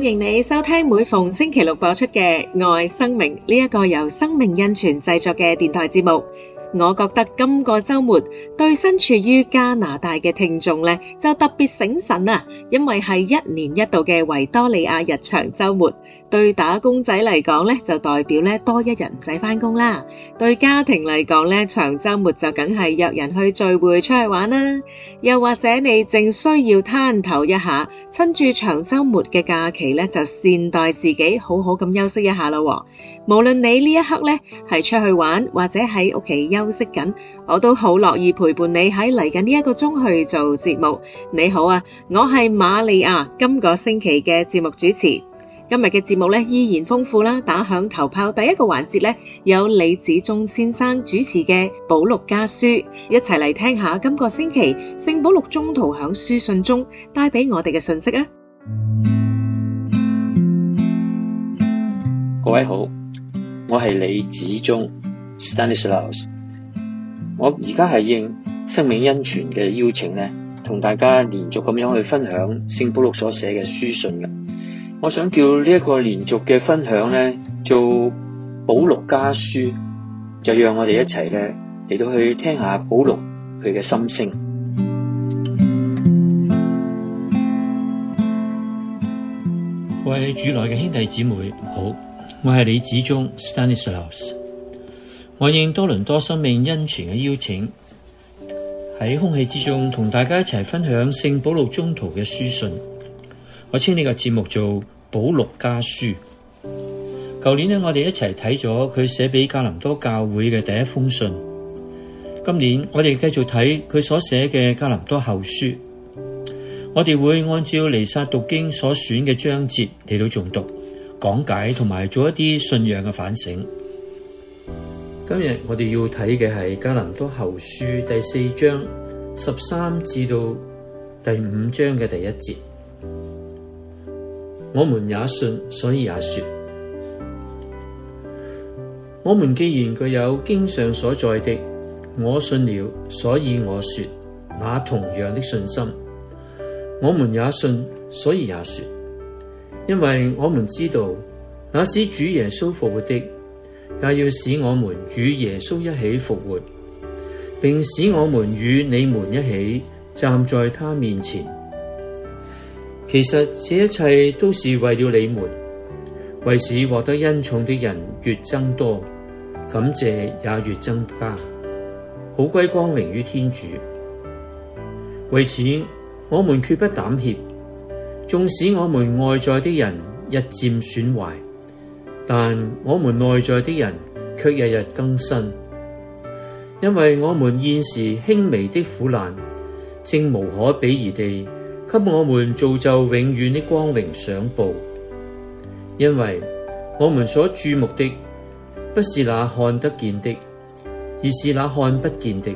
歡迎你收聽每逢星期六播出嘅《愛生命》呢一個由生命恩泉製作嘅電台節目。我覺得今個周末對身處於加拿大嘅聽眾呢，就特別醒神啊，因為係一年一度嘅維多利亞日長周末。對打工仔嚟講咧，就代表咧多一日唔使翻工啦。對家庭嚟講咧，長周末就梗係約人去聚會出去玩啦。又或者你正需要攤頭一下，趁住長周末嘅假期咧，就善待自己，好好咁休息一下咯喎。無論你呢一刻咧係出去玩，或者喺屋企休息緊，我都好樂意陪伴你喺嚟緊呢一個鐘去做節目。你好啊，我係瑪利亞，今個星期嘅節目主持。今日嘅節目咧依然豐富啦！打響頭炮第一個環節咧，有李子忠先生主持嘅《保祿家書》，一齊嚟聽下今個星期聖保祿中途響書信中帶俾我哋嘅信息啊！各位好，我係李子忠 （Stanislaus），我而家係應生命恩泉嘅邀請咧，同大家連續咁樣去分享聖保祿所寫嘅書信嘅。我想叫呢一個連續嘅分享咧，做保祿家書，就讓我哋一齊咧嚟到去聽下保祿佢嘅心聲。我係主內嘅兄弟姊妹好，我係李子忠 Stanislaus。我應多倫多生命恩泉嘅邀請，喺空氣之中同大家一齊分享聖保祿中途嘅書信。我稱呢個節目做《保祿家書》。舊年咧，我哋一齊睇咗佢寫畀加林多教會嘅第一封信。今年我哋繼續睇佢所寫嘅加林多後書。我哋會按照彌撒讀經所選嘅章節嚟到誦讀、講解同埋做一啲信仰嘅反省。今日我哋要睇嘅係加林多後書第四章十三至到第五章嘅第一節。我們也信，所以也說。我們既然具有經上所載的，我信了，所以我說，那同樣的信心，我們也信，所以也說，因為我們知道，那使主耶穌復活的，也要使我們與耶穌一起復活，並使我們與你們一起站在他面前。其實這一切都是為了你們，為使獲得恩寵的人越增多，感謝也越增加，好歸光榮於天主。為此，我們決不膽怯，縱使我們外在的人日漸損壞，但我們內在的人卻日日更新，因為我們現時輕微的苦難，正無可比擬地給我們造就永遠的光榮上報，因為我們所注目的不是那看得見的，而是那看不見的。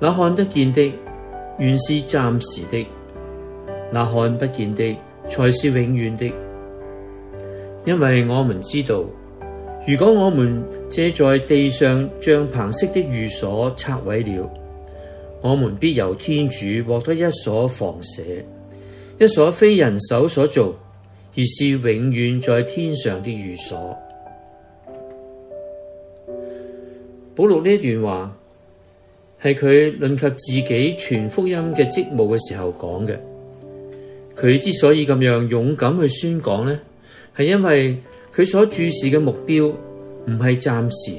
那看得見的原是暫時的，那看不見的才是永遠的。因為我們知道，如果我們借在地上帳篷式的寓所拆毀了，我們必由天主獲得一所房舍，一所非人手所做，而是永遠在天上的寓所。保祿呢段話係佢論及自己傳福音嘅職務嘅時候講嘅。佢之所以咁樣勇敢去宣講呢，係因為佢所注視嘅目標唔係暫時，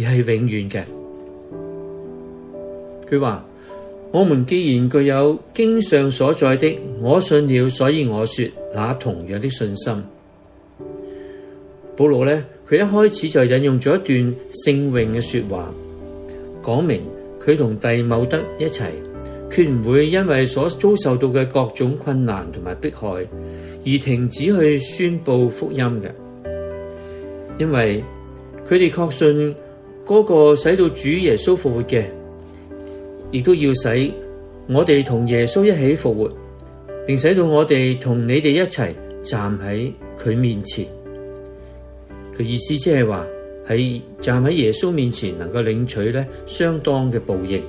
而係永遠嘅。佢話。我們既然具有經上所在的，我信了，所以我說，那同樣的信心。保禄呢，佢一開始就引用咗一段聖詠嘅說話，講明佢同弟茂德一齊，佢唔會因為所遭受到嘅各種困難同埋迫害而停止去宣布福音嘅，因為佢哋確信嗰個使到主耶穌復活嘅。亦都要使我哋同耶穌一起復活，並使到我哋同你哋一齊站喺佢面前。佢意思即係話，在站喺耶穌面前，能夠領取咧相當嘅報應。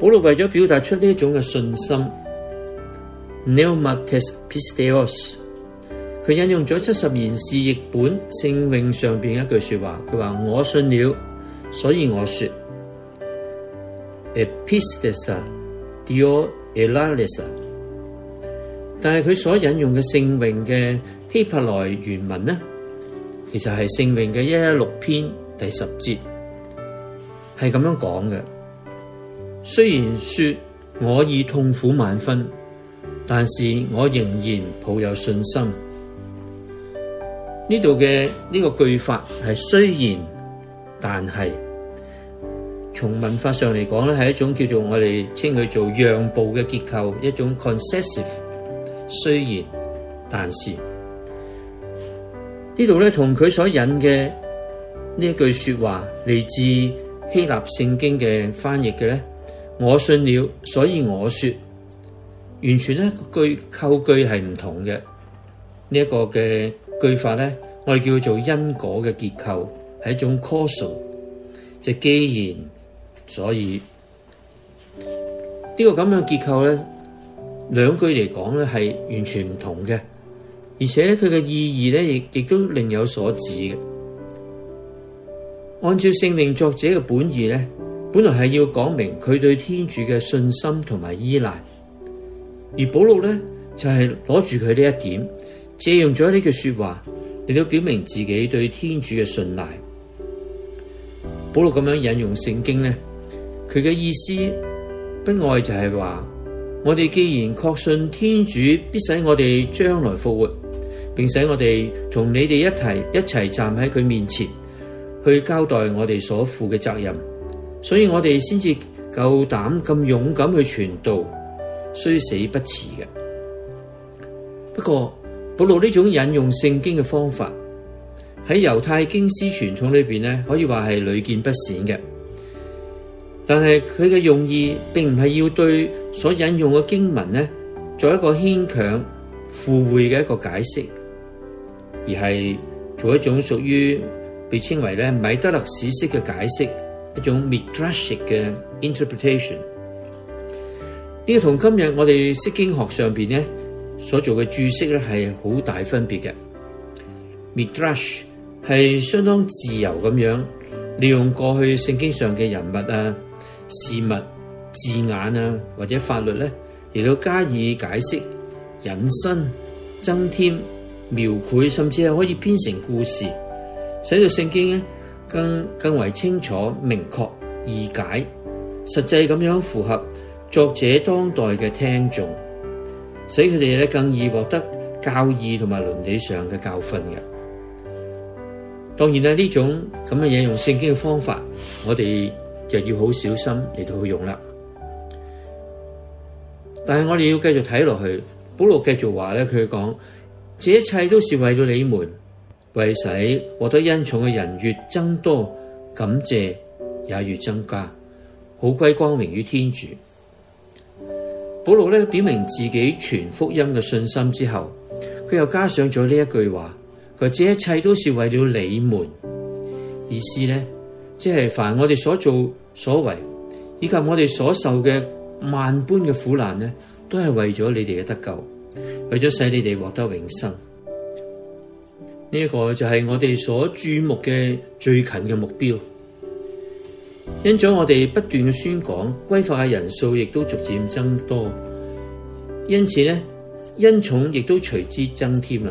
保羅為咗表達出呢種嘅信心，pneuma tes pisteos，佢引用咗七十賢士譯本聖詠上邊一句說話，佢話：我信了，所以我說。epistesa diora analisis 但係佢所引用嘅聖詠嘅希伯來原文呢，其實係聖詠嘅一一六篇第十節，係咁樣講嘅。雖然說我已痛苦萬分，但是我仍然抱有信心。呢度嘅呢個句法係雖然，但係。從文法上嚟講咧，係一種叫做我哋稱佢做讓步嘅結構，一種 concessive。雖然，但是呢度咧，同佢所引嘅呢一句說話嚟自希臘聖經嘅翻譯嘅咧，我信了，所以我說，完全咧句構句係唔同嘅，這個，呢一個嘅句法咧，我哋叫做因果嘅結構係一種 causal，即係既然。所以呢、這個咁樣結構呢兩句嚟講呢係完全唔同嘅，而且佢嘅意義呢亦亦都另有所指嘅。按照聖靈作者嘅本意呢本來係要講明佢對天主嘅信心同埋依賴，而保祿呢，就係攞住佢呢一點，借用咗呢句說話嚟到表明自己對天主嘅信賴。保祿咁樣引用聖經呢。佢嘅意思不外就係話，我哋既然確信天主必使我哋將來復活，並使我哋同你哋一齊一齊站喺佢面前，去交代我哋所負嘅責任，所以我哋先至夠膽咁勇敢去傳道，雖死不辭嘅。不過保羅呢種引用聖經嘅方法喺猶太經師傳統裏面，可以話係屢見不鮮嘅。但係佢嘅用意並唔係要對所引用嘅經文呢，做一個牽強附會嘅一個解釋，而係做一種屬於被稱為呢米德勒史式嘅解釋，一種 midrashic 嘅 interpretation。呢、這個同今日我哋釋經學上邊呢所做嘅注釋咧係好大分別嘅。midrash 係相當自由咁樣利用過去聖經上嘅人物啊。事物字眼啊，或者法律咧，亦都加以解釋、引申、增添、描繪，甚至係可以編成故事，使到聖經咧更更為清楚、明確、易解，實際咁樣符合作者當代嘅聽眾，使佢哋咧更易獲得教義同埋倫理上嘅教訓嘅。當然啦，呢種咁嘅引用聖經嘅方法，我哋。就要好小心嚟到去用啦。但係我哋要繼續睇落去，保羅繼續話咧，佢講，這一切都是為了你們，為使獲得恩寵嘅人越增多，感謝也越增加，好歸光榮於天主。保羅咧表明自己傳福音嘅信心之後，佢又加上咗呢一句話，佢話這一切都是為了你們，意思呢。即係凡我哋所做所為，以及我哋所受嘅萬般嘅苦難呢，都係為咗你哋嘅得救，為咗使你哋獲得永生。呢、這、一個就係我哋所注目嘅最近嘅目標。因咗我哋不斷嘅宣講，歸化嘅人數亦都逐漸增多，因此呢，恩寵亦都隨之增添啦，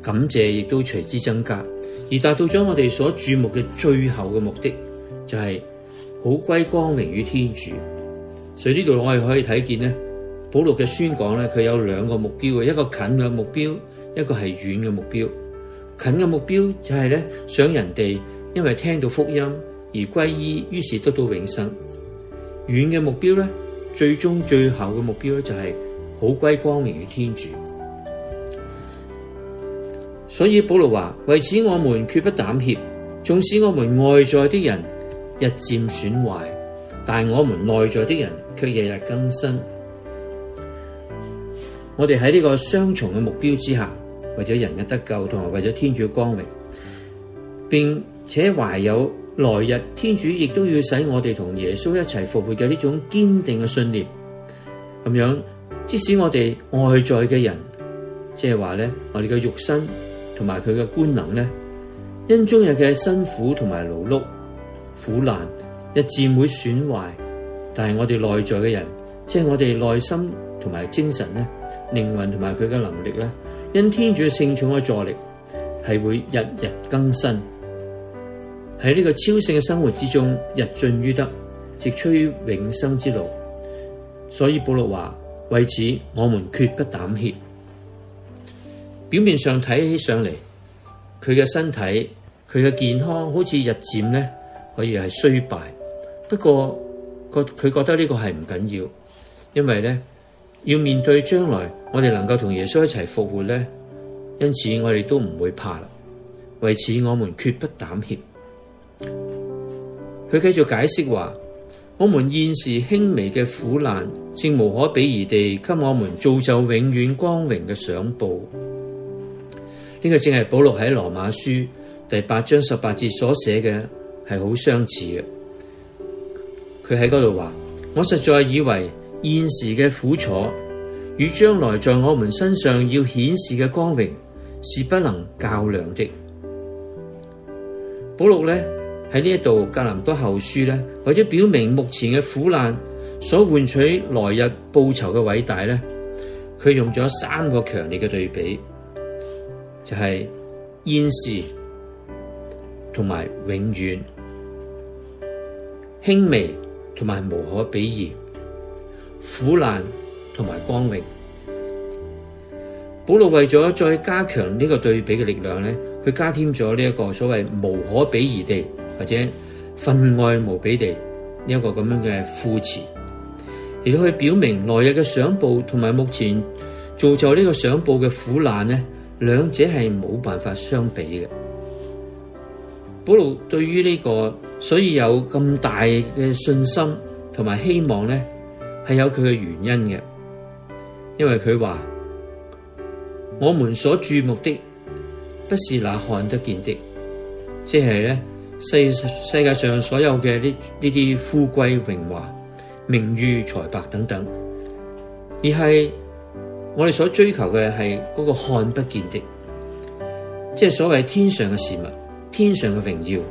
感謝亦都隨之增加，而達到咗我哋所注目嘅最後嘅目的。就係、是、好歸光榮於天主，所以呢度我哋可以睇見咧，保祿嘅宣講咧，佢有兩個目標嘅，一個近嘅目標，一個係遠嘅目標。近嘅目標就係、是、咧想人哋因為聽到福音而歸依，於是得到永生。遠嘅目標咧，最終最後嘅目標咧就係、是、好歸光榮於天主。所以保祿話：為此我們決不膽怯，縱使我們外在啲人。日漸損壞，但係我們內在的人卻日日更新。我哋喺呢個雙重嘅目標之下，為咗人嘅得救，同埋為咗天主嘅光榮，並且懷有來日天主亦都要使我哋同耶穌一齊復活嘅呢種堅定嘅信念。咁樣，即使我哋外在嘅人，即係話呢，我哋嘅肉身同埋佢嘅官能呢，因終日嘅辛苦同埋勞碌。苦難日漸會損壞，但係我哋內在嘅人，即係我哋內心同埋精神呢，靈魂同埋佢嘅能力呢，因天主聖寵嘅助力，係會日日更新。喺呢個超性嘅生活之中，日進於德，直趨永生之路。所以保羅話：為此，我們絕不膽怯。表面上睇起上嚟，佢嘅身體、佢嘅健康好似日漸呢。可以係衰敗，不過佢覺得呢個係唔緊要，因為呢，要面對將來，我哋能夠同耶穌一齊復活呢，因此我哋都唔會怕啦。為此，我們決不膽怯。佢繼續解釋話：我們現時輕微嘅苦難，正無可比擬地給我們造就永遠光榮嘅上報。呢、這個正係保羅喺羅馬書第八章十八節所寫嘅。係好相似嘅，佢喺嗰度話：我實在以為現時嘅苦楚與將來在我們身上要顯示嘅光榮是不能較量的。保祿呢喺呢一度《格林多後書》呢，為咗表明目前嘅苦難所換取來日報酬嘅偉大呢，佢用咗三個強烈嘅對比，就係、是、現時同埋永遠。輕微同埋無可比擬，苦難同埋光榮。保羅為咗再加強呢個對比嘅力量咧，佢加添咗呢一個所謂無可比擬地或者分外無比地呢一、這個咁樣嘅副詞，亦都可以表明來日嘅賞報同埋目前造就呢個賞報嘅苦難咧，兩者係冇辦法相比嘅。保羅對於呢、這個，所以有咁大嘅信心同埋希望呢，係有佢嘅原因嘅。因為佢話，我們所注目的不是那看得見的，即係呢世世界上所有嘅呢呢啲富貴榮華、名譽財帛等等，而係我哋所追求嘅係嗰個看不見的，即係所謂天上嘅事物。天上嘅榮耀，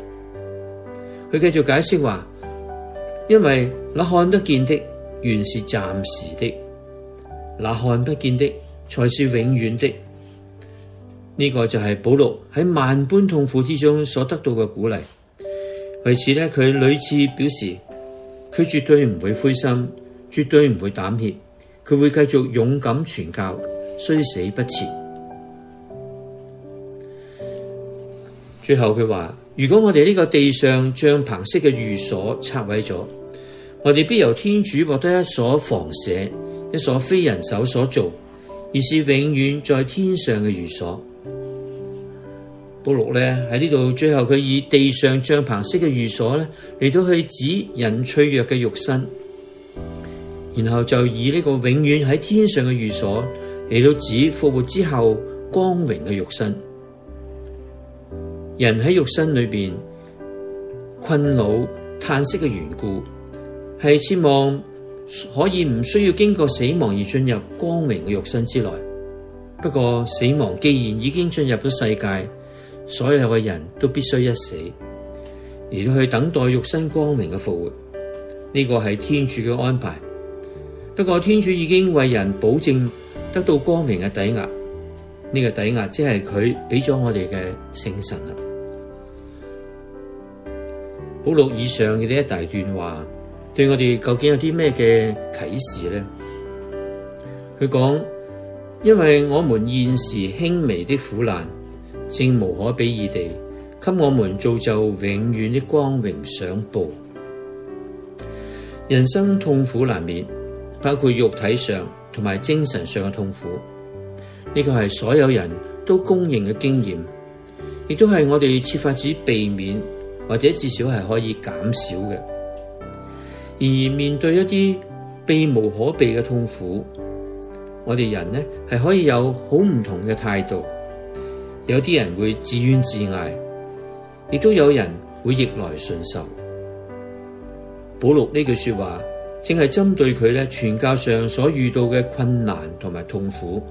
佢繼續解釋話：因為那看得見的原是暫時的，那看不見的才是永遠的。呢、這個就係保祿喺萬般痛苦之中所得到嘅鼓勵。為此呢，佢屢次表示，佢絕對唔會灰心，絕對唔會膽怯，佢會繼續勇敢傳教，雖死不辭。最後佢話：如果我哋呢個地上帳篷式嘅寓所拆毀咗，我哋必由天主獲得一所房舍，一所非人手所做，而是永遠在天上嘅寓所。保祿呢，喺呢度最後佢以地上帳篷式嘅寓所呢，嚟到去指人脆弱嘅肉身，然後就以呢個永遠喺天上嘅寓所嚟到指復活之後光榮嘅肉身。人喺肉身裏邊困惱嘆息嘅緣故，係希望可以唔需要經過死亡而進入光明嘅肉身之內。不過死亡既然已經進入咗世界，所有嘅人都必須一死，而去等待肉身光明嘅復活。呢個係天主嘅安排。不過天主已經為人保證得到光明嘅抵押，呢、呢個抵押即係佢俾咗我哋嘅聖神。保祿以上嘅呢一大段話，對我哋究竟有啲咩嘅啟示呢？佢講，因為我們現時輕微的苦難，正無可比擬地給我們造就永遠的光榮上報。人生痛苦難免，包括肉體上同埋精神上嘅痛苦，呢個係所有人都公認嘅經驗，亦都係我哋設法子避免，或者至少係可以減少嘅。然而面對一啲避無可避嘅痛苦，我哋人呢係可以有好唔同嘅態度。有啲人會自怨自艾，亦都有人會逆來順受。保祿呢句說話正係針對佢咧傳教上所遇到嘅困難同埋痛苦。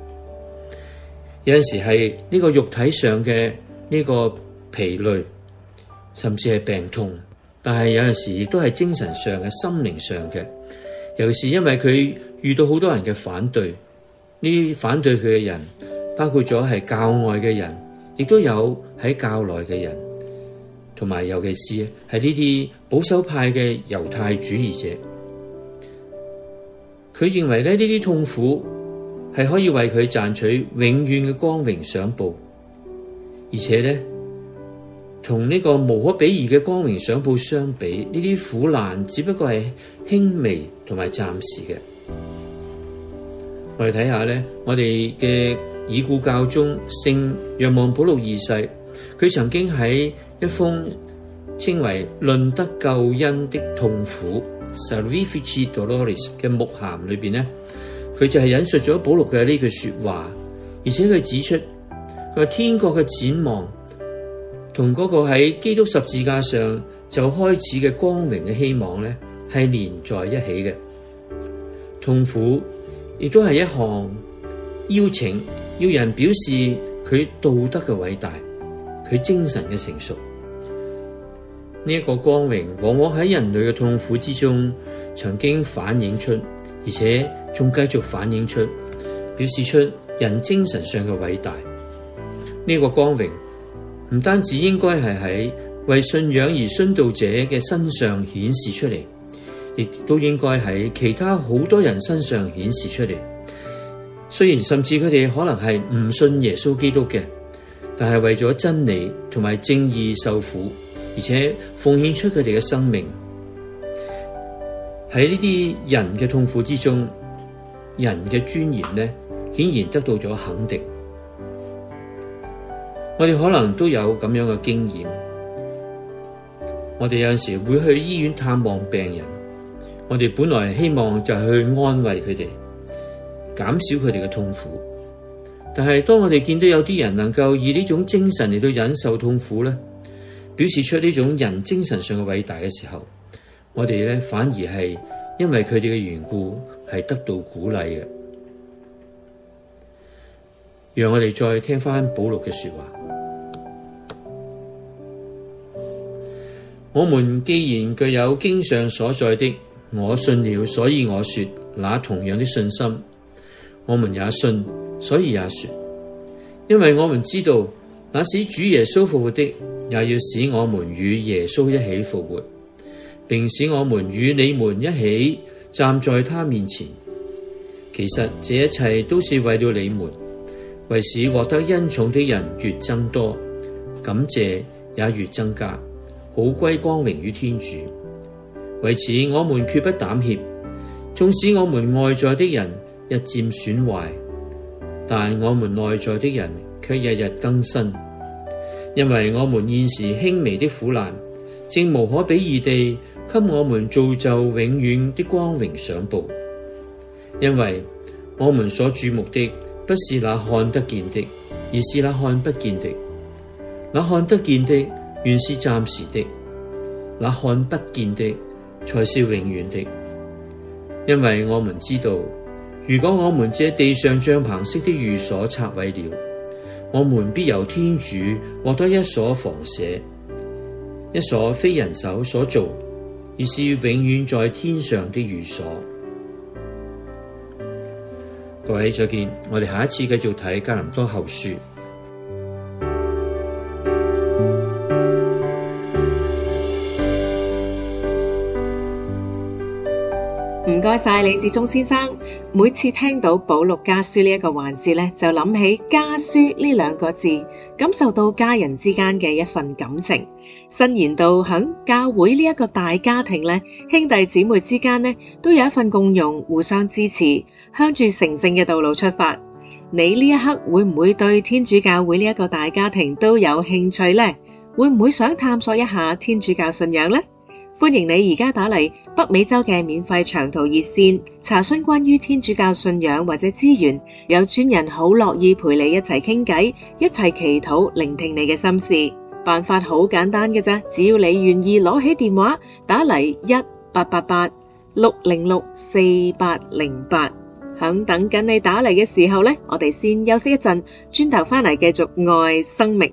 有陣時係呢個肉體上嘅呢個疲累。甚至係病痛，但係有陣時亦都係精神上嘅、心靈上嘅，尤其是因為佢遇到好多人嘅反對，呢啲反對佢嘅人包括咗係教外嘅人，亦都有喺教內嘅人，同埋尤其是係呢啲保守派嘅猶太主義者，佢認為咧呢啲痛苦係可以為佢賺取永遠嘅光榮賞報，而且呢。同呢個無可比擬嘅光榮賞報相比，呢啲苦難只不過係輕微同埋暫時嘅。我哋睇下咧，我哋嘅已故教宗聖若望保祿二世，佢曾經喺一封稱為《論得救恩的痛苦》（Salvifici Doloris） 嘅牧函裏邊咧，佢就係引述咗保祿嘅呢句説話，而且佢指出，佢話天國嘅展望。同嗰個喺基督十字架上就開始嘅光榮嘅希望咧，係連在一起嘅。痛苦亦都係一項邀請，要人表示佢道德嘅偉大，佢精神嘅成熟。呢一個光榮，往往喺人類嘅痛苦之中曾經反映出，而且仲繼續反映出，表示出人精神上嘅偉大。呢個光榮。唔單止應該係喺為信仰而殉道者嘅身上顯示出嚟，亦都應該喺其他好多人身上顯示出嚟。雖然甚至佢哋可能係唔信耶穌基督嘅，但係為咗真理同埋正義受苦，而且奉獻出佢哋嘅生命。喺呢啲人嘅痛苦之中，人嘅尊嚴呢，顯然得到咗肯定。我哋可能都有咁樣嘅經驗，我哋有陣時會去醫院探望病人，我哋本來希望就是去安慰佢哋，減少佢哋嘅痛苦。但係當我哋見到有啲人能夠以呢種精神嚟到忍受痛苦，呢表示出呢種人精神上嘅偉大嘅時候，我哋呢反而係因為佢哋嘅緣故係得到鼓勵嘅。讓我哋再聽翻保祿嘅說話。我們既然具有經上所在的我信了，所以我說，那同樣的信心，我們也信，所以也說，因為我們知道，那使主耶穌復活的，也要使我們與耶穌一起復活，並使我們與你們一起站在他面前。其實這一切都是為了你們，為使獲得恩寵的人越增多，感謝也越增加。.好歸光榮於天主。為此，我們決不膽怯。縱使我們外在的人日漸損壞，但我們內在的人卻日日更新。因為我們現時輕微的苦難，正無可比擬地給我們造就永遠的光榮上報。因為我們所注目的不是那看得見的，而是那看不見的。那看得見的。原是暫時的，那看不見的才是永遠的。因為我們知道，如果我們這地上帳篷式的寓所拆毀了，我們必由天主獲得一所房舍，一所非人手所做，而是永遠在天上的寓所。各位再見，我哋下一次繼續睇格林多後書。唔該晒李志忠先生，每次聽到《保祿家書》呢一個環節咧，就諗起家書呢兩個字，感受到家人之間嘅一份感情。伸延到喺教會呢一個大家庭咧，兄弟姊妹之間咧都有一份共用，互相支持，向住成聖嘅道路出發。你呢一刻會唔會對天主教會呢一個大家庭都有興趣咧？會唔會想探索一下天主教信仰咧？歡迎你而家打嚟北美洲嘅免費長途熱線，查詢關於天主教信仰或者資源，有專人好樂意陪你一齊傾偈，一齊祈禱，聆聽你嘅心事。辦法好簡單嘅啫，只要你願意攞起電話打嚟一八八八六零六四八零八。響等緊你打嚟嘅時候呢，我哋先休息一陣，轉頭翻嚟繼續愛生命。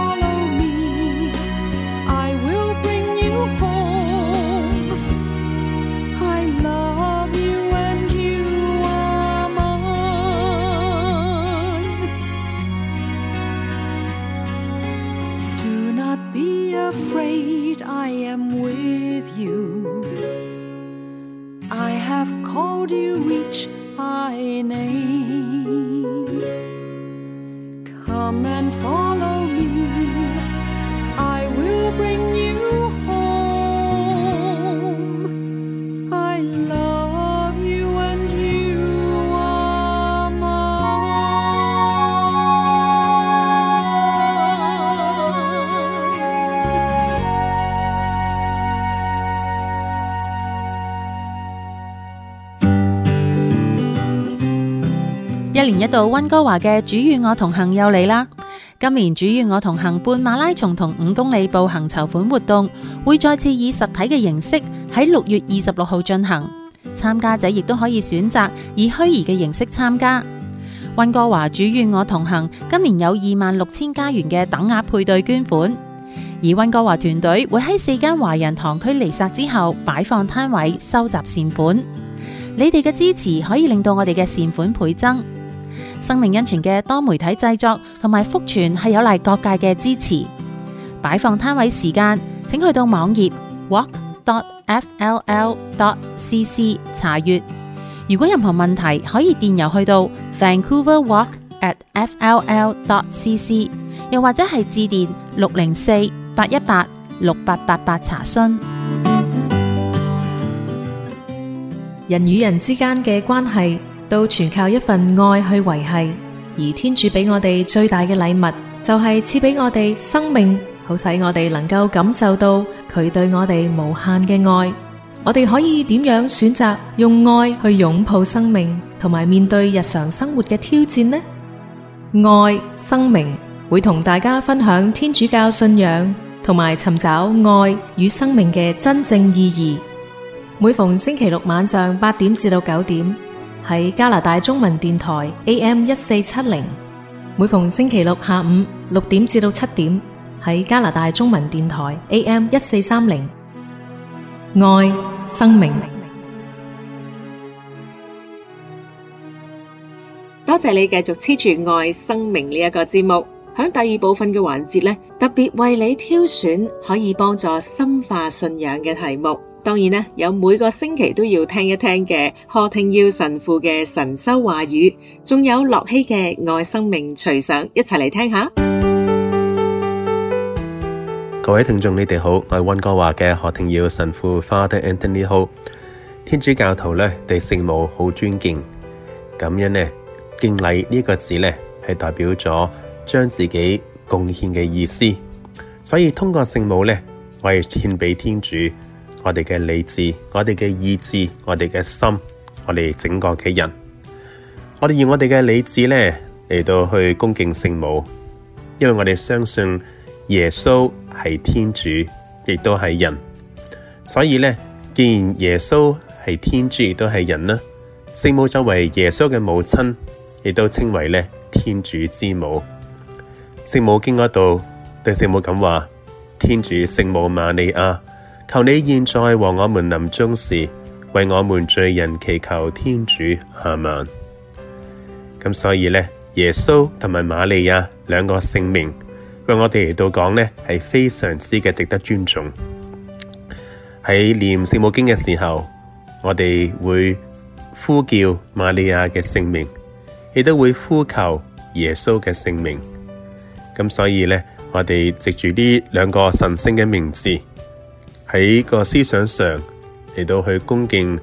一年一度溫哥華嘅主與我同行又嚟啦。今年主與我同行半馬拉松同五公里步行籌款活動會再次以實體嘅形式喺六月二十六號進行，參加者亦都可以選擇以虛擬嘅形式參加。溫哥華主與我同行今年有二萬六千加元嘅等額配對捐款，而溫哥華團隊會喺四間華人堂區彌撒之後擺放攤位收集善款。你哋嘅支持可以令到我哋嘅善款倍增。生命恩泉嘅多媒體製作同埋福傳係有賴各界嘅支持。擺放攤位時間，請去到網頁 walk.fll.cc 查閱。如果任何問題，可以電郵去到 vancouverwalk@fll.cc，又或者係致電六零四八一八六八八八查詢。人與人之間嘅關係，都全靠一份愛去維繫，而天主俾我哋最大嘅禮物，就係賜俾我哋生命，好使我哋能夠感受到佢對我哋無限嘅愛。我哋可以點樣選擇用愛去擁抱生命，同埋面對日常生活嘅挑戰呢？愛、生命，會同大家分享天主教信仰，同埋尋找愛與生命嘅真正意義。每逢星期六晚上八點至到九點。喺加拿大中文電台 AM 一四七零，每逢星期六下午六點至到七點，喺加拿大中文電台 AM 一四三零，愛生命。多謝你繼續黐住愛生命呢一個節目。響第二部分嘅環節咧，特別為你挑選可以幫助深化信仰嘅題目。當然咧，有每個星期都要聽一聽嘅何廷耀神父嘅神修話語，仲有樂希嘅愛生命隨想，一齊嚟聽下。各位聽眾，你哋好，我係溫哥華嘅何廷耀神父 Father Anthony Ho。天主教徒咧對聖母好尊敬，咁樣咧敬禮呢個字咧係代表咗將自己貢獻嘅意思，所以通過聖母咧，我係獻俾天主。我哋嘅理智、我哋嘅意志、我哋嘅心、我哋整個嘅人，我哋以我哋嘅理智呢，嚟到去恭敬聖母，因為我哋相信耶穌係天主，亦都係人。所以呢，既然耶穌係天主亦都係人啦，聖母作為耶穌嘅母親，亦都稱為呢天主之母。聖母經嗰度對聖母咁話：天主聖母瑪利亞。求你現在和我們臨終時，為我們罪人祈求天主。阿們。咁所以呢，耶穌同埋瑪利亞兩個姓名，為我哋嚟到講呢，係非常之嘅值得尊重。喺念聖母經嘅時候，我哋會呼叫瑪利亞嘅姓名，亦都會呼求耶穌嘅姓名。咁所以呢，我哋藉住呢兩個神聖嘅名字。喺個思想上嚟到去恭敬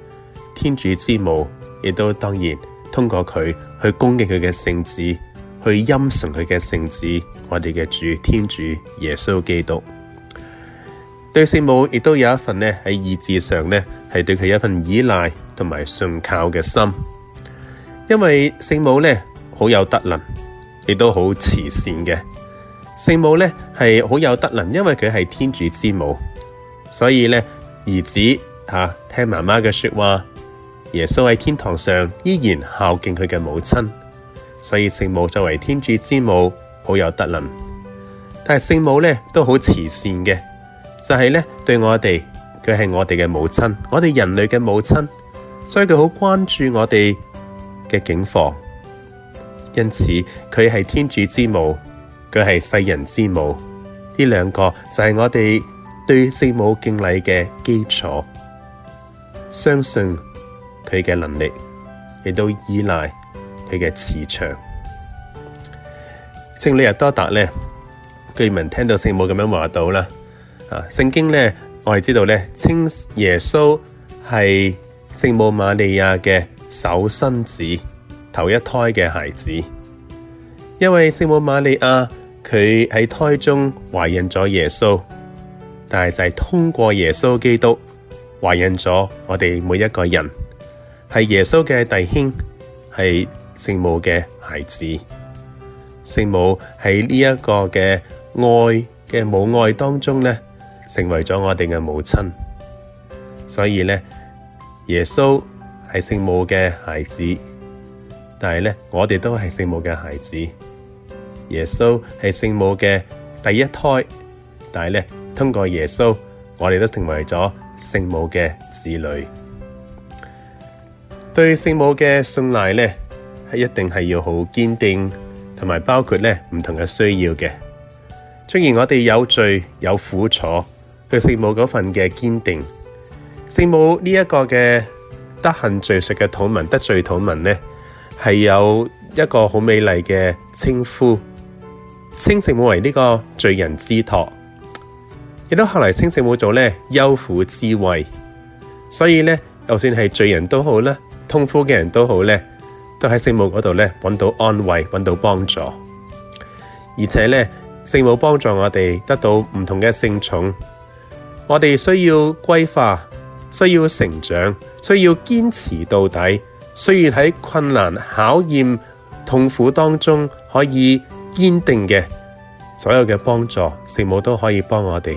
天主之母，亦都當然通過佢去恭敬佢嘅聖子，去欽崇佢嘅聖子。我哋嘅主天主耶穌基督對聖母亦都有一份呢，喺意志上呢係對佢一份依賴同埋信靠嘅心，因為聖母呢，好有德能，亦都好慈善嘅。聖母呢，係好有德能，因為佢係天主之母。所以呢，兒子吓、啊、聽媽媽嘅說話。耶穌喺天堂上依然孝敬佢嘅母親，所以聖母作為天主之母好有德能。但係聖母呢，都好慈善嘅，就係、是、呢對我哋佢係我哋嘅母親，我哋人類嘅母親，所以佢好關注我哋嘅境況。因此佢係天主之母，佢係世人之母。呢兩個就係我哋，對聖母敬禮嘅基礎，相信佢嘅能力，亦都依賴佢嘅慈祥。聖女日多達呢，據聞聽到聖母咁樣話到啦。啊，聖經呢，我係知道呢，稱耶穌係聖母瑪利亞嘅首生子，頭一胎嘅孩子，因為聖母瑪利亞佢喺胎中懷孕咗耶穌。但係就係通過耶穌基督懷孕咗我哋每一個人，係耶穌嘅弟兄，係聖母嘅孩子。聖母喺呢一個嘅愛嘅母愛當中呢，成為咗我哋嘅母親。所以呢，耶穌係聖母嘅孩子，但係呢，我哋都係聖母嘅孩子。耶穌係聖母嘅第一胎，但係呢。通過耶穌，我哋都成為咗聖母嘅子女。對聖母嘅信賴呢，係一定係要好堅定，同埋包括呢唔同嘅需要嘅。雖然我哋有罪有苦楚，對聖母嗰份嘅堅定，聖母呢一個嘅德行罪贖嘅土民得罪土民呢，係有一個好美麗嘅稱呼，稱聖母為呢個罪人之托。亦都後嚟，稱聖母做咧憂苦之慰，所以咧，就算係罪人都好啦，痛苦嘅人都好咧，都喺聖母嗰度咧揾到安慰，揾到幫助，而且咧，聖母幫助我哋得到唔同嘅聖寵。我哋需要歸化，需要成長，需要堅持到底，需要喺困難、考驗、痛苦當中可以堅定嘅所有嘅幫助，聖母都可以幫我哋。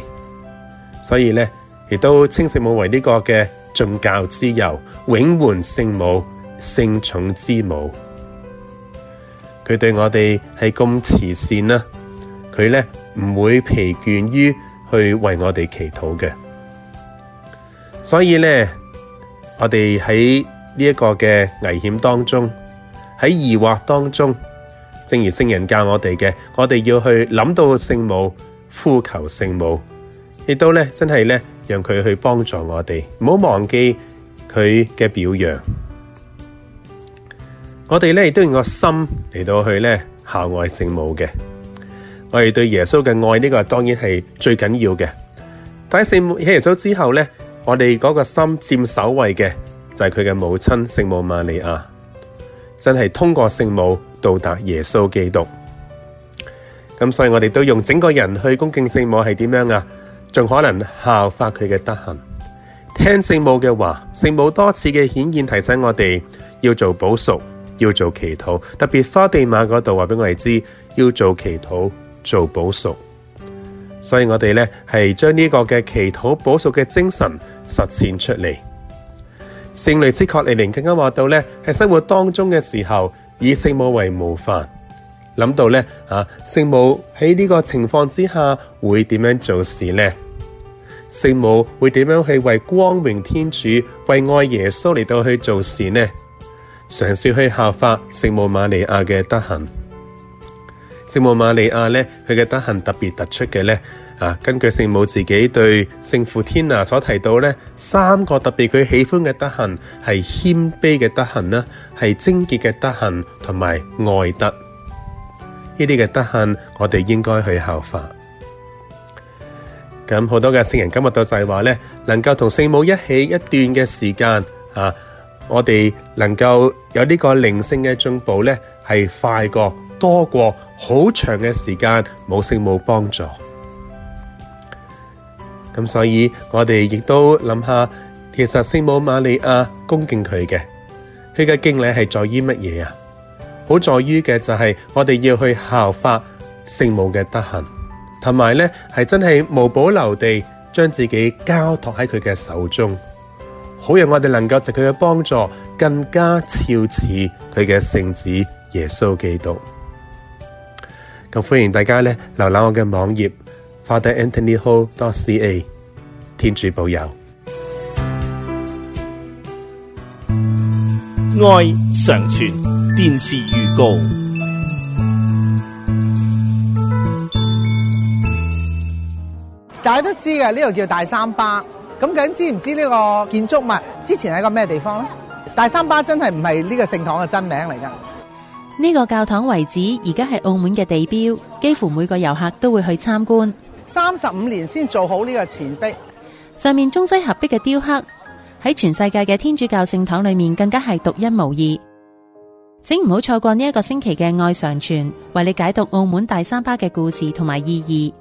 所以咧，亦都稱聖母為呢個嘅進教之佑，永援聖母，聖寵之母。佢對我哋係咁慈善啦，佢咧唔會疲倦於去為我哋祈禱嘅。所以咧，我哋喺呢一個嘅危險當中，喺疑惑當中，正如聖人教我哋嘅，我哋要去諗到聖母，呼求聖母。亦都咧，真係咧，讓佢去幫助我哋，唔好忘記佢嘅表揚。我哋咧亦都用個心嚟到去咧孝愛聖母嘅。我哋對耶穌嘅愛呢，這個當然係最緊要嘅。但係聖母起耶穌之後咧，我哋嗰個心佔首位嘅就係佢嘅母親聖母瑪利亞。真係通過聖母到達耶穌基督。咁所以我哋都用整個人去恭敬聖母，係點樣啊？仲可能效法佢嘅德行，聽聖母嘅話。聖母多次嘅顯現提醒我哋要做補贖，要做祈禱。特別花地瑪嗰度話俾我哋知，要做祈禱，做補贖。所以我哋咧係將呢個嘅祈禱補贖嘅精神實踐出嚟。聖女斯克尼寧更加話到咧，喺生活當中嘅時候，以聖母為模範。諗到咧，啊聖母喺呢個情況之下會點樣做事呢？聖母會點樣去為光榮天主、為愛耶穌嚟到去做事呢？嘗試去效法聖母瑪利亞嘅德行。聖母瑪利亞咧，佢嘅德行特別突出嘅咧，啊，根據聖母自己對聖父天娜所提到咧，三個特別佢喜歡嘅德行係謙卑嘅德行啦，係貞潔嘅德行同埋愛德。呢啲嘅德行，我哋應該去效法。咁好多嘅聖人今日都就係話咧，能夠同聖母一起一段嘅時間啊，我哋能夠有呢個靈性嘅進步咧，係快過多過好長嘅時間冇聖母幫助。咁所以我哋亦都諗下，其實聖母瑪利亞恭敬佢嘅，佢嘅敬禮係在於乜嘢啊？好在於嘅就係我哋要去效法聖母嘅德行，同埋咧係真係無保留地將自己交託喺佢嘅手中，好讓我哋能夠藉佢嘅幫助，更加照似佢嘅聖子耶穌基督。咁歡迎大家咧瀏覽我嘅網頁，Father Anthony Ho。Ca, 天主保佑。愛常傳電視預告，大家都知呀，呢度叫大三巴。咁究竟知唔知呢個建築物之前喺個咩地方咧？大三巴真係唔係呢個聖堂嘅真名嚟噶。呢個教堂遺址而家係澳門嘅地標，幾乎每個遊客都會去參觀。三十五年先做好呢個前壁，上面中西合璧嘅雕刻，喺全世界嘅天主教聖堂裏面，更加係獨一無二。請唔好錯過呢一個星期嘅愛常傳，為你解讀澳門大三巴嘅故事同埋意義。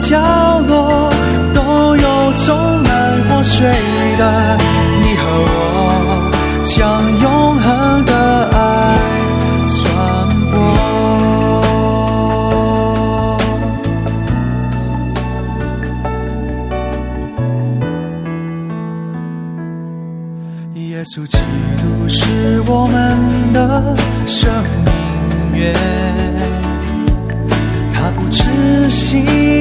角落都有充滿活水的。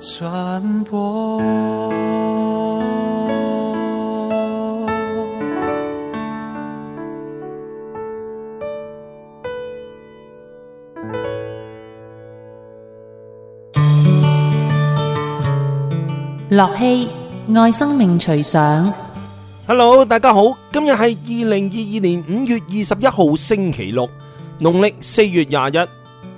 傳播樂器愛生命隨想。Hello，大家好，今日係二零二二年五月二十一號，星期六。農曆四月廿一，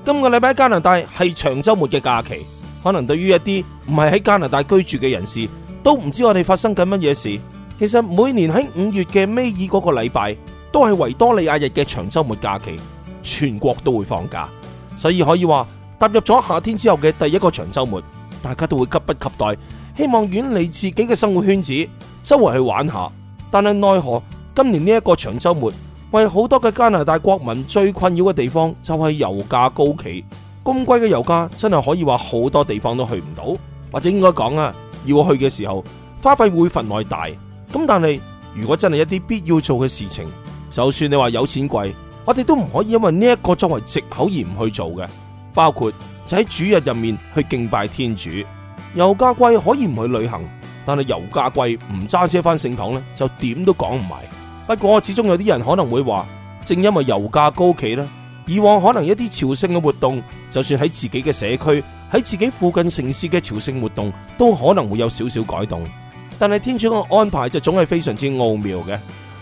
今個禮拜加拿大係長周末嘅假期，可能對於一啲唔係喺加拿大居住嘅人士，都唔知我哋發生緊乜嘢事。其實每年喺五月嘅尾二嗰個禮拜，都係維多利亞日嘅長周末假期，全國都會放假，所以可以話踏入咗夏天之後嘅第一個長周末，大家都會急不及待，希望遠離自己嘅生活圈子，周圍去玩下。但係奈何今年呢一個長周末，因為好多嘅加拿大國民最困擾嘅地方，就係油價高企。咁貴嘅油價真係可以話好多地方都去唔到，或者應該講啊，要去嘅時候花費會份外大。咁但係如果真係一啲必要做嘅事情，就算你話有錢貴，我哋都唔可以因為呢一個作為借口而唔去做嘅。包括就喺主日入面去敬拜天主。油價貴可以唔去旅行，但係油價貴唔揸車返聖堂呢，就點都講唔埋。不過始終有啲人可能會話，正因為油價高企咧，以往可能一啲朝聖嘅活動，就算喺自己嘅社區、喺自己附近城市嘅朝聖活動，都可能會有少少改動。但係天主嘅安排就總係非常之奧妙嘅。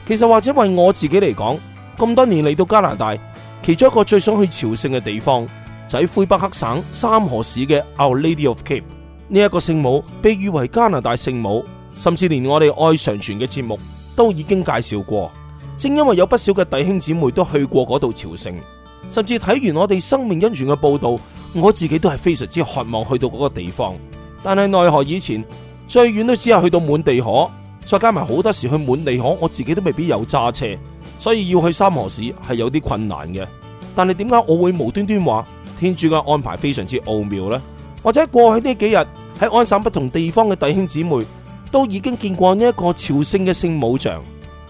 其實或者為我自己嚟講，咁多年嚟到加拿大，其中一個最想去朝聖嘅地方就喺魁北克省三河市嘅 Our Lady of Cape。呢一個聖母被譽為加拿大聖母，甚至連我哋愛常傳嘅節目。都已經介紹過，正因為有不少嘅弟兄姊妹都去過嗰度朝聖，甚至睇完我哋生命恩緣嘅報道，我自己都係非常之渴望去到嗰個地方。但係奈何以前最遠都只係去到滿地可，再加埋好多時去滿地可，我自己都未必有揸車，所以要去三河市係有啲困難嘅。但係點解我會無端端話天主嘅安排非常之奧妙呢？或者過去呢幾日喺安省不同地方嘅弟兄姊妹，都已經見過呢一個朝聖嘅聖母像，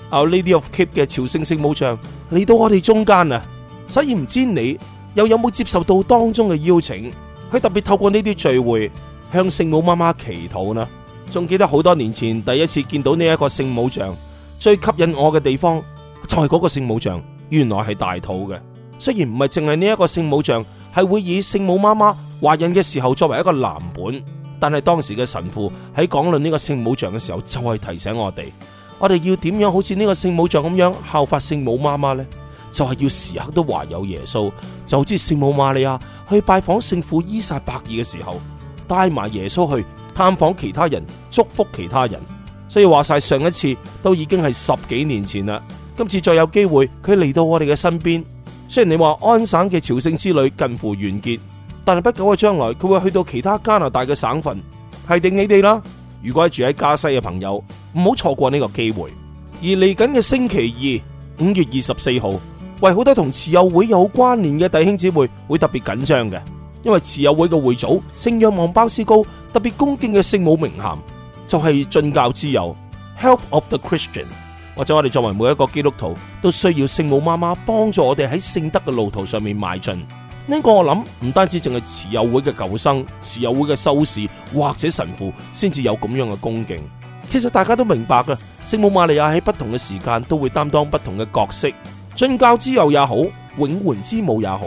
啊 Lady of Cape 嘅朝聖聖母像嚟到我哋中間啊，所以唔知你又有冇接受到當中嘅邀請？佢特別透過呢啲聚會向聖母媽媽祈禱呢。仲記得好多年前第一次見到呢一個聖母像，最吸引我嘅地方就係、是、嗰個聖母像原來係大肚嘅。雖然唔係淨係呢一個聖母像係會以聖母媽媽懷孕嘅時候作為一個藍本。但係當時嘅神父喺講論呢個聖母像嘅時候，就係提醒我哋，我哋要點樣好似呢個聖母像咁樣效法聖母媽媽呢？就係、是、要時刻都懷有耶穌，就好似聖母瑪利亞去拜訪聖父伊撒伯爾嘅時候，帶埋耶穌去探訪其他人，祝福其他人。所以話晒上一次都已經係十幾年前啦，今次再有機會佢嚟到我哋嘅身邊，雖然你話安省嘅朝聖之旅近乎完結。但係不久嘅將來，佢會去到其他加拿大嘅省份，係定你哋啦。如果係住喺加西嘅朋友，唔好錯過呢個機會。而嚟緊嘅星期二，五月二十四號，為好多同慈幼會有關聯嘅弟兄姊妹，會特別緊張嘅，因為慈幼會嘅會祖聖若望鮑思高特別恭敬嘅聖母名銜，就係進教之友 Help of the Christian，或者我哋作為每一個基督徒，都需要聖母媽媽幫助我哋喺聖德嘅路途上面邁進。呢個我諗唔單止淨係慈幼會嘅舊生、慈幼會嘅修士或者神父先至有咁樣嘅恭敬。其實大家都明白嘅，聖母瑪利亞喺不同嘅時間都會擔當不同嘅角色，進教之佑也好，永援之母也好，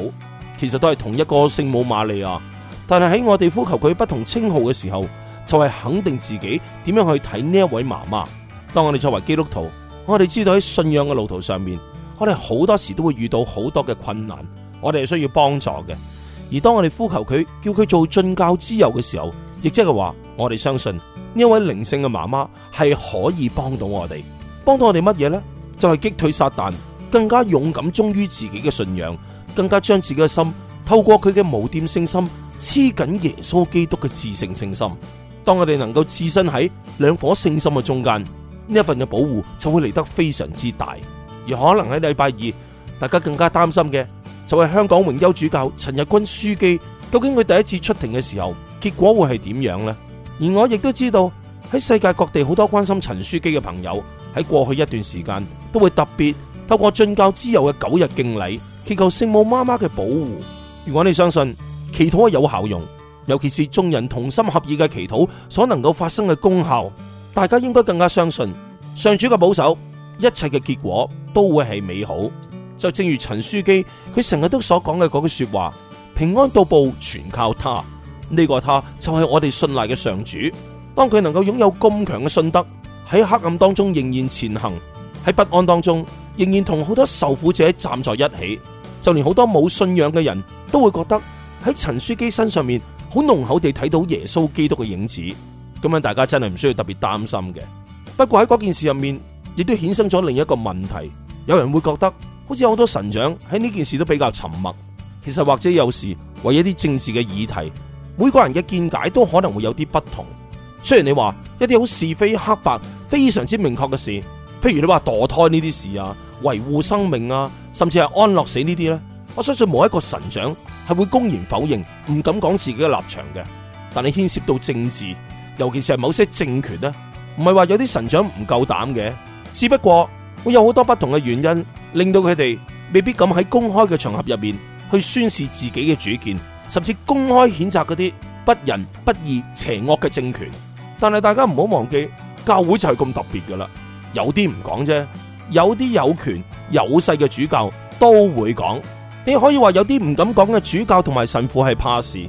其實都係同一個聖母瑪利亞。但係喺我哋呼求佢不同稱號嘅時候，就係肯定自己點樣去睇呢一位媽媽。當我哋作為基督徒，我哋知道喺信仰嘅路途上面，我哋好多時都會遇到好多嘅困難。我哋係需要幫助嘅，而當我哋呼求佢，叫佢做進教之佑嘅時候，亦即係話我哋相信呢位靈性嘅媽媽係可以幫到我哋，幫到我哋乜嘢呢？就係、是、擊退撒旦，更加勇敢忠於自己嘅信仰，更加將自己嘅心透過佢嘅無玷聖心黐緊耶穌基督嘅至聖聖心。當我哋能夠置身喺兩顆聖心嘅中間，呢一份嘅保護就會嚟得非常之大。而可能喺禮拜二，大家更加擔心嘅。就係香港榮休主教陳日君樞機，究竟佢第一次出庭嘅時候，結果會係點樣呢？而我亦都知道喺世界各地好多關心陳樞機嘅朋友，喺過去一段時間都會特別透過進教之友嘅九日敬禮祈求聖母媽媽嘅保護。如果你相信祈禱有效用，尤其是眾人同心合意嘅祈禱所能夠發生嘅功效，大家應該更加相信上主嘅保守，一切嘅結果都會係美好。就正如陳樞機佢成日都所講嘅嗰句說話，平安到步全靠他呢、呢個。他就係我哋信賴嘅上主。當佢能夠擁有咁強嘅信德，喺黑暗當中仍然前行，喺不安當中仍然同好多受苦者站在一起，就連好多冇信仰嘅人都會覺得喺陳樞機身上面好濃厚地睇到耶穌基督嘅影子。咁樣大家真係唔需要特別擔心嘅。不過喺嗰件事入面，亦都衍生咗另一個問題，有人會覺得。好似好多神長喺呢件事都比較沉默，其實或者有時為一啲政治嘅議題，每個人嘅見解都可能會有啲不同。雖然你話一啲好是非黑白非常之明確嘅事，譬如你話墮胎呢啲事啊、維護生命啊，甚至係安樂死呢啲咧，我相信冇一個神長係會公然否認，唔敢講自己嘅立場嘅。但係牽涉到政治，尤其是係某些政權呢，唔係話有啲神長唔夠膽嘅，只不過。會有好多不同嘅原因，令到佢哋未必敢喺公開嘅場合入面去宣示自己嘅主見，甚至公開譴責嗰啲不仁不義邪惡嘅政權。但係大家唔好忘記，教會就係咁特別噶啦，有啲唔講啫，有啲有權有勢嘅主教都會講。你可以話有啲唔敢講嘅主教同埋神父係怕事，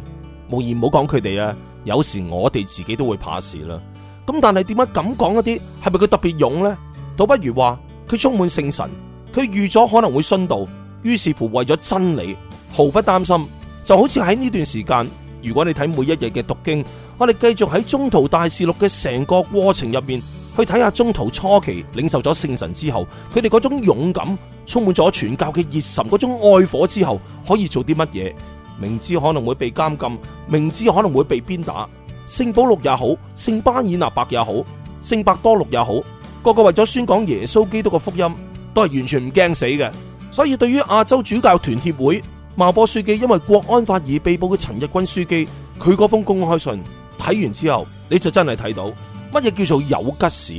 無疑唔好講佢哋啊。有時我哋自己都會怕事啦。咁但係點解敢講嗰啲？係咪佢特別勇呢？倒不如話。佢充滿聖神，佢預咗可能會殉道，於是乎為咗真理毫不擔心，就好似喺呢段時間，如果你睇每一日嘅讀經，我哋繼續喺宗徒大事錄嘅成個過程入面去睇下宗徒初期領受咗聖神之後，佢哋嗰種勇敢充滿咗傳教嘅熱忱，嗰種愛火之後可以做啲乜嘢？明知可能會被監禁，明知可能會被鞭打，聖保祿也好，聖巴爾納伯也好，聖伯多祿也好。個個為咗宣講耶穌基督嘅福音，都係完全唔驚死嘅。所以對於亞洲主教團協會茂波樞機，因為國安法而被捕嘅陳日君樞機，佢嗰封公開信睇完之後，你就真係睇到乜嘢叫做有吉事，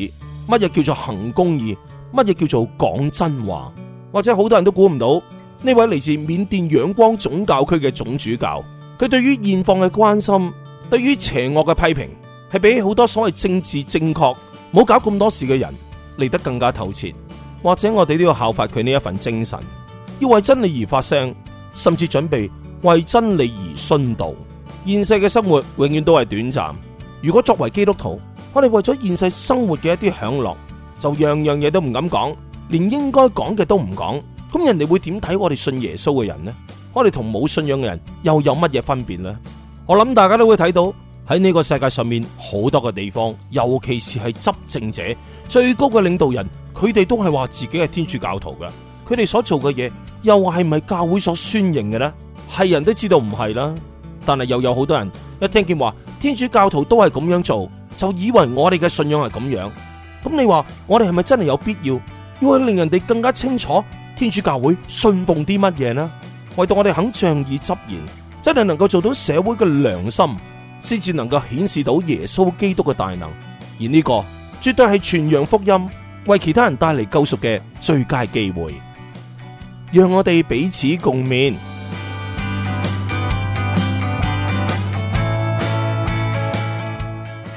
乜嘢叫做行公義，乜嘢叫做講真話。或者好多人都估唔到呢位嚟自緬甸仰光總教區嘅總主教，佢對於現況嘅關心，對於邪惡嘅批評，係比起好多所謂政治正確。冇搞咁多事嘅人嚟得更加透徹，或者我哋都要效法佢呢一份精神，要為真理而發聲，甚至準備為真理而殉道。現世嘅生活永遠都係短暫。如果作為基督徒，我哋為咗現世生活嘅一啲享樂，就樣樣嘢都唔敢講，連應該講嘅都唔講，咁人哋會點睇我哋信耶穌嘅人呢？我哋同冇信仰嘅人又有乜嘢分別呢？我諗大家都會睇到。喺呢個世界上面，好多嘅地方，尤其是係執政者最高嘅領導人，佢哋都係話自己係天主教徒嘅。佢哋所做嘅嘢，又話係咪教會所宣認嘅呢？係人都知道唔係啦。但係又有好多人一聽見話天主教徒都係咁樣做，就以為我哋嘅信仰係咁樣。咁你話我哋係咪真係有必要要去令人哋更加清楚天主教會信奉啲乜嘢呢？唯獨我哋肯仗義執言，真係能夠做到社會嘅良心，先至能夠顯示到耶穌基督嘅大能，而呢個絕對係傳揚福音，為其他人帶嚟救贖嘅最佳機會，讓我哋彼此共勉。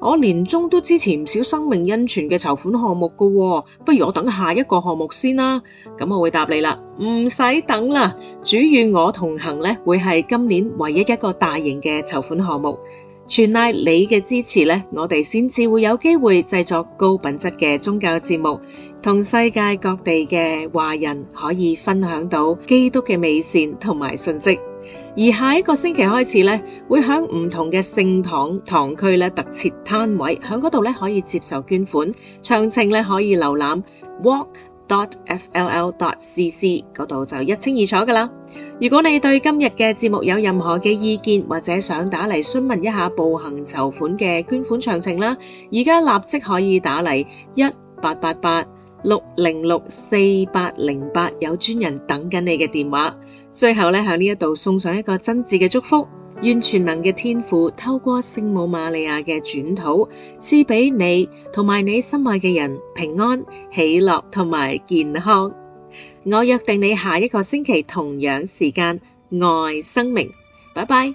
我年中都支持唔少生命恩泉嘅籌款項目㗎喎，不如我等下一個項目先啦，啊。咁我會答你啦，唔使等啦，主與我同行呢，會係今年唯一一個大型嘅籌款項目。全賴你嘅支持呢，我哋先至會有機會製作高品質嘅宗教節目，同世界各地嘅華人可以分享到基督嘅美善同埋信息。而下一個星期開始呢，會喺唔同嘅聖堂堂區呢，特設攤位，喺嗰度咧可以接受捐款。詳情咧可以瀏覽 walk dot fll dot cc 嗰度，就一清二楚㗎喇。如果你對今日嘅節目有任何嘅意見，或者想打嚟詢問一下步行籌款嘅捐款詳情啦，而家立即可以打嚟一八八八。六零六四八零八，8，有專人等緊你嘅電話。最後呢，喺呢度送上一個真摯嘅祝福，願全能嘅天父透過聖母瑪利亞嘅轉禱，賜俾你同埋你心愛嘅人平安、喜樂同埋健康。我約定你下一個星期同樣時間愛生命。拜拜。